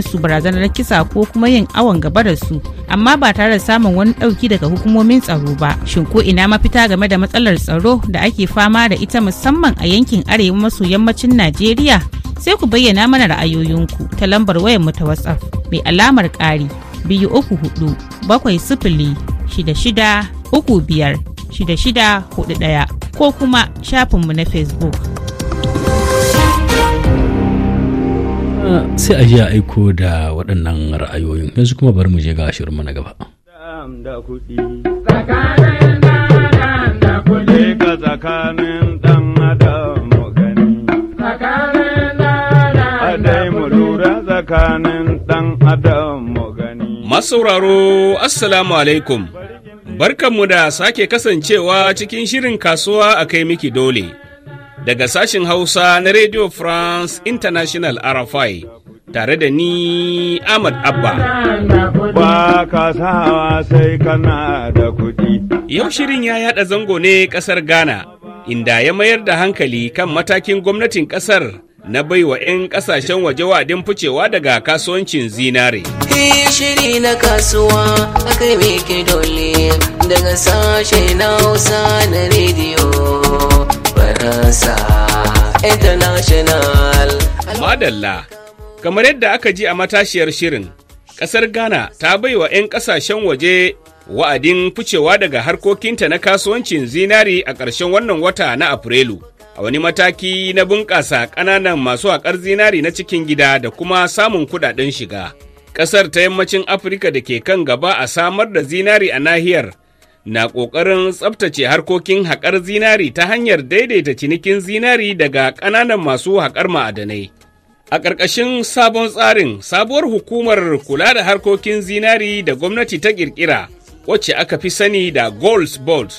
su barazanar kisa ko kuma yin awon gaba da su amma ba tare da samun wani ɗauki daga hukumomin tsaro ba shin ko ina mafita game da matsalar tsaro da ake fama da ita musamman a yankin arewa maso yammacin najeriya sai ku bayyana mana ra'ayoyinku ta lambar wayar mu ta whatsapp mai alamar kari biyu uku hudu bakwai sifili shida shida uku biyar shida shida hudu ɗaya ko kuma shafinmu na facebook sai a a aiko da waɗannan ra'ayoyin yanzu kuma bari mu je ga shirinmu na gaba. Masauraro Assalamu alaikum, barkanmu da sake kasancewa cikin shirin kasuwa a kai miki dole. daga sashen Hausa na Radio France International RFI tare da ni Ahmad Abba. Ba ka sai kana da kuɗi. Yau shirin ya yaɗa zango ne ƙasar Ghana, inda ya mayar da hankali kan matakin gwamnatin ƙasar na baiwa 'yan ƙasashen waje wadin ficewa daga kasuwancin zinare. shiri na kasuwa aka dole daga sashen hausa na rediyo. kansa international madalla kamar yadda aka ji a matashiyar shirin ƙasar ghana ta baiwa 'yan ƙasashen waje wa'adin ficewa daga harkokinta na kasuwancin zinari a ƙarshen wannan wata na afrilu a wani mataki na bunƙasa ƙananan masu haƙar zinari na cikin gida da kuma samun kuɗaɗen shiga ƙasar ta yammacin afirka da ke kan gaba a samar da zinari a nahiyar na ƙoƙarin tsabtace harkokin haƙar zinari ta hanyar daidaita cinikin zinari daga ƙananan masu haƙar ma'adanai. A ƙarƙashin sabon tsarin, sabuwar hukumar kula da harkokin zinari da gwamnati ta ƙirƙira, wacce aka fi sani da golds Board,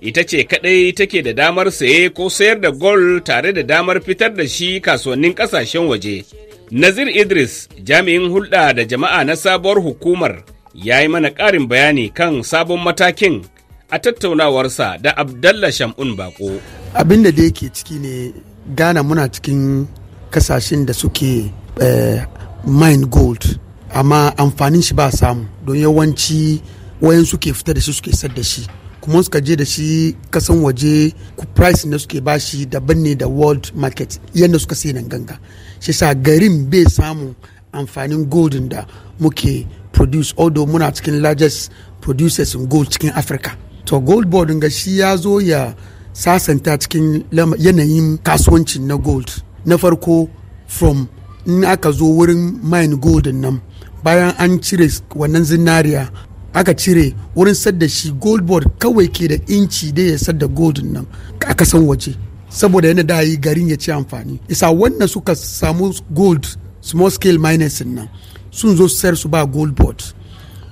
ita ce kaɗai take da damar saye ko sayar da gold tare da damar fitar da shi kasuwannin ƙasashen waje. Nazir Idris, jami'in hulɗa da jama'a na sabuwar hukumar, ya yi mana ƙarin bayani kan sabon matakin a tattaunawarsa da Abdallah Shamun Bako. Abin da da yake ciki ne gana muna cikin kasashen da suke eh, mine gold amma amfanin shi ba samu don yawanci wayan suke fita da shi suke sad da shi kuma suka je da shi kasan waje price na suke ba shi daban ne da world market yadda suka sai nan ganga shi sa garin bai samu amfanin goldin da muke produce although muna cikin largest producers in gold cikin africa to gold board ga shi ya zo ya sasanta cikin yanayin kasuwancin na gold na farko from in aka zo wurin mine gold nan bayan an cire wannan zinariya aka cire wurin sadda shi gold board kawai ke da inci da ya sadda gold nan a kasan waje saboda yana da yi garin ya ci amfani isa wannan suka samu gold small scale miners nan sun zo sayar su ba gold board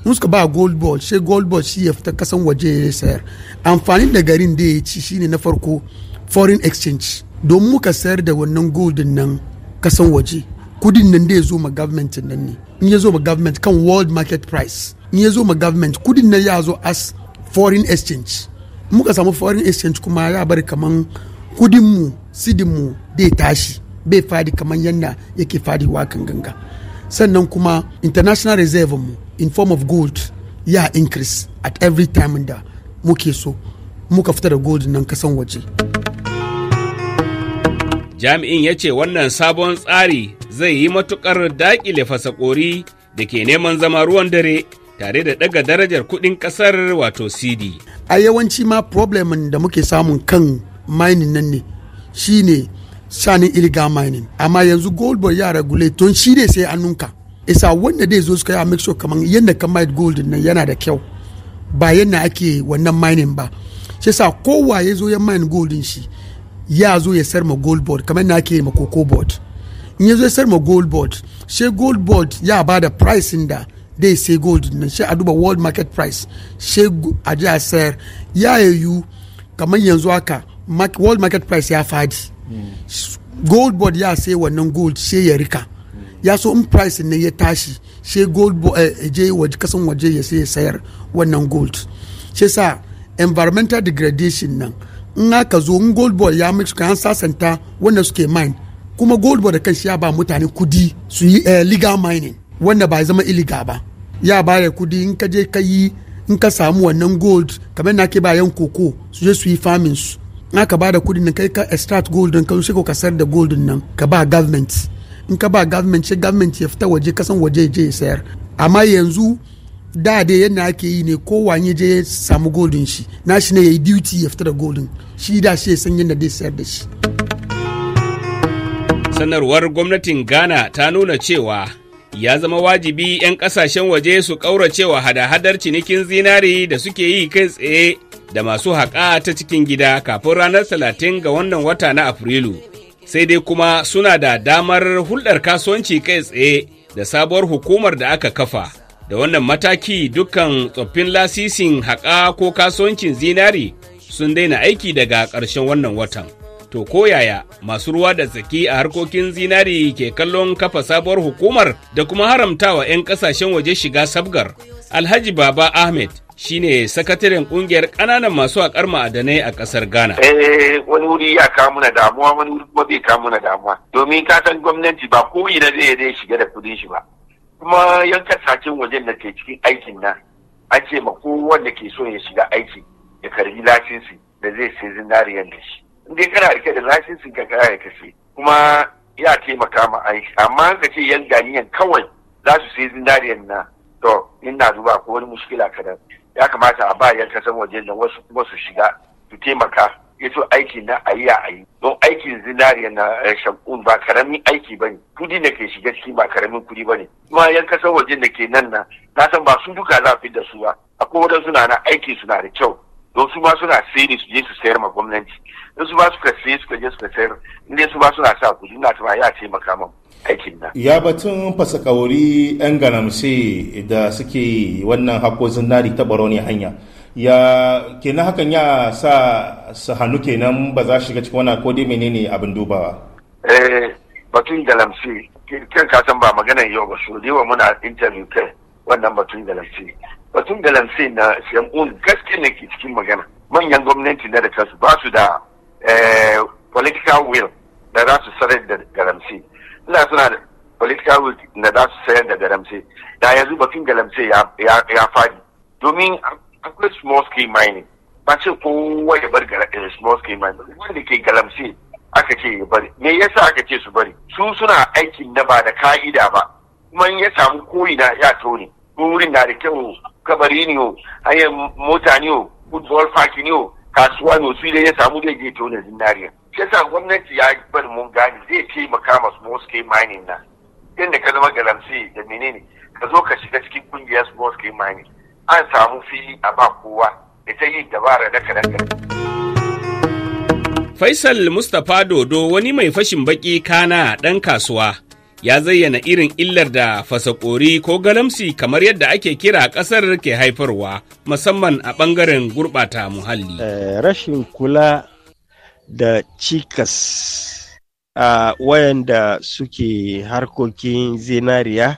in suka ba gold board sai gold board shi ya fita kasan waje ya sayar amfani da garin da ya ci shine na farko foreign exchange don muka sayar da wannan gold nan kasan waje kudin nan da ya zo ma government nan ne in ya zo ma government kan world market price in ya zo ma government kudin nan ya zo as foreign exchange muka samu foreign exchange kuma ya bari kaman kudinmu sidinmu da ya tashi bai fadi kaman yadda yake fadi wakan ganga sannan kuma international reserve mu in form of gold ya increase at every time da muke so muka fita da gold nan kasan waje jami'in ya ce wannan sabon tsari zai yi matukar dakile fasakori da ke neman zama ruwan dare tare da daga darajar kudin kasar wato cd a yawanci ma problemin da muke samun kan mining nan ne shine sani illegal mining amma yanzu gold boy ya regulate tun shi dai sai annunka isa wanda dai zo suka ya a make sure kaman yanda ka mine gold nan yana da kyau ba yanda ake wannan mining ba shi sa kowa ya zo ya mine gold shi ya zo ya sarma gold board kamar na ake ma cocoa board in ya zo ya sarma gold board shi gold board ya ba da in da dai sai gold nan shi a duba world market price shi a ji a sayar ya yayu kamar yanzu haka world market price ya fadi gold board ya sai wannan gold sai ya rika ya so in price ne ya tashi sai gold eh, je waje kasan waje ya sai ya sayar wannan gold shi sa environmental degradation nan in aka zo in gold board ya mutu kan sasanta wanda suke mine kuma gold board kan shi ya ba mutane kudi su yi eh, legal mining wanda ba zama illegal ba ya ba da kudi in ka je ka yi in ka samu wannan gold kamar na ke ba yan koko su je su yi farming su na ka da kudin na kai ka extract gold din ka sai ka sayar da gold nan ka ba government in ka ba government sai government ya fita waje kasan waje je ya sayar amma yanzu da da yadda ake yi ne kowane je ya samu golden shi na shi ne ya yi duty ya fita da golden shi da shi ya san yadda zai sayar da shi sanarwar gwamnatin ghana ta nuna cewa ya zama wajibi 'yan kasashen waje su ƙauracewa hada-hadar cinikin zinari da suke yi kai tsaye da masu haƙa ta cikin gida kafin ranar talatin ga wannan wata na Afrilu, sai dai kuma suna da damar hulɗar kasuwanci kai tsaye da sabuwar hukumar da aka kafa. Da wannan mataki dukkan tsoffin lasisin haƙa ko kasuwancin zinari sun daina aiki daga ƙarshen wannan watan. To ko yaya masu ruwa da tsaki a harkokin zinari ke kallon kafa sabuwar hukumar da kuma haramtawa 'yan ƙasashen waje shiga sabgar. Alhaji Baba Ahmed shine sakataren kungiyar kananan masu akar ma'adanai a kasar Ghana. Eh wani wuri ya kawo mana damuwa wani wuri kuma bai kawo mana damuwa domin ka san gwamnati ba ko ina zai zai shiga da kudin shi ba. Kuma yan kasashen wajen da ke cikin aikin na, an ce ma wanda ke so ya shiga aiki ya karbi lasinsi da zai sai zinariyan da shi. In dai kana rike da lasinsin ka kara ya kashe kuma ya taimaka ma aiki amma ka ce yan ganiyan kawai za su sai zinariyan na to ina duba ko wani mushkila kadan. ya kamata a ba yan kasan waje da wasu kuma su shiga su taimaka yato aiki na ayi a ayi don aikin zinariya na shakun ba karamin aiki bane kudi da ke shiga ciki ba karamin kudi bane kuma yan kasan waje da ke nan na na san ba su duka za a da su ba akwai wadansu na na aiki suna da kyau don su ma suna sai su je su sayar ma gwamnati in su ba suka sai suka je suka sayar in dai su ba suna sa kuɗi na tuma ya maka min aikin nan. ya batun fasa kawari yan ganamse da suke wannan hako nari ta baroni hanya ya na hakan ya sa su hannu kenan ba za shiga cikin wannan ko menene abin dubawa. eh batun galamse kan kasan ba maganar yau ba su wa muna interview kai wannan batun galamse batun galamse na siyan gaske ne ke cikin magana manyan gwamnati na da kasu ba su da Eh, political will na za su sayar da garamse ina suna da political will na za su sayar da garamse da yanzu bakin garamse ya fadi domin akwai small scale mining ba ce kowa ya bar eh, small scale mining wanda ke galamse aka ce ya bari me yasa aka ce su bari su suna aikin da ba da ka'ida ba kuma ya samu koyi na ya tone wurin na da kyau kabari ne o hanyar mota ne o football park ne o kasuwa mai su ya samu zai je tona zinariya shi yasa gwamnati ya bar mun gane zai taimaka masu mosque mining na inda ka zama galamsi da menene ka zo ka shiga cikin kungiyar mosque mining an samu fili a ba kowa da ta yi dabara da kadan Faisal Mustapha Dodo wani mai fashin baki kana ɗan kasuwa ya zayyana irin illar da fasakori ko galamsi kamar yadda ake kira ƙasar ke haifarwa musamman a ɓangaren gurɓata muhalli. Eh, rashin kula da cikas a wayanda suke harkokin zinariya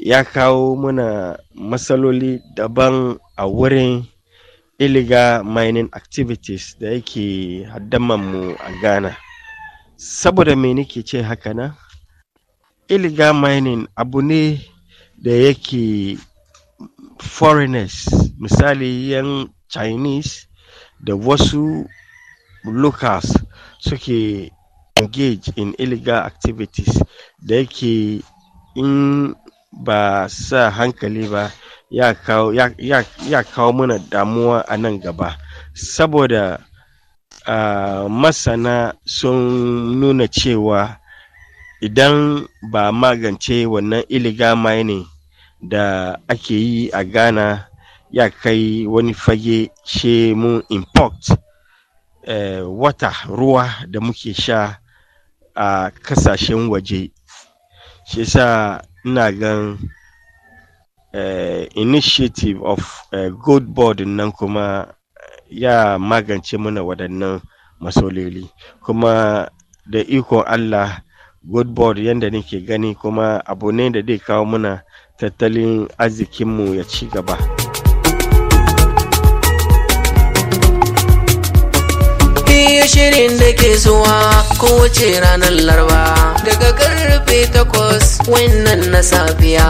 ya kawo muna matsaloli daban a wurin illegal mining activities da yake mu a Ghana. Saboda me nake ce haka na? illegal mining abu ne da yake foreigners misali yan chinese da wasu locals suke engage in illegal activities da yake in ba sa hankali ba ya kawo mana damuwa a nan gaba saboda uh, masana sun nuna cewa idan ba magance wannan iliga mining da ake yi a ghana ya kai wani fage she mun import eh, wata ruwa da muke sha a ƙasashen waje shi sa ina gan eh, initiative of eh, good board board nan kuma ya magance mana waɗannan masololi kuma da ikon allah board yadda nake gani kuma abu ne da zai kawo muna tattalin arzikinmu ya ci gaba. shirin da ke zuwa kowace ranar laraba daga karfe takwas wannan na safiya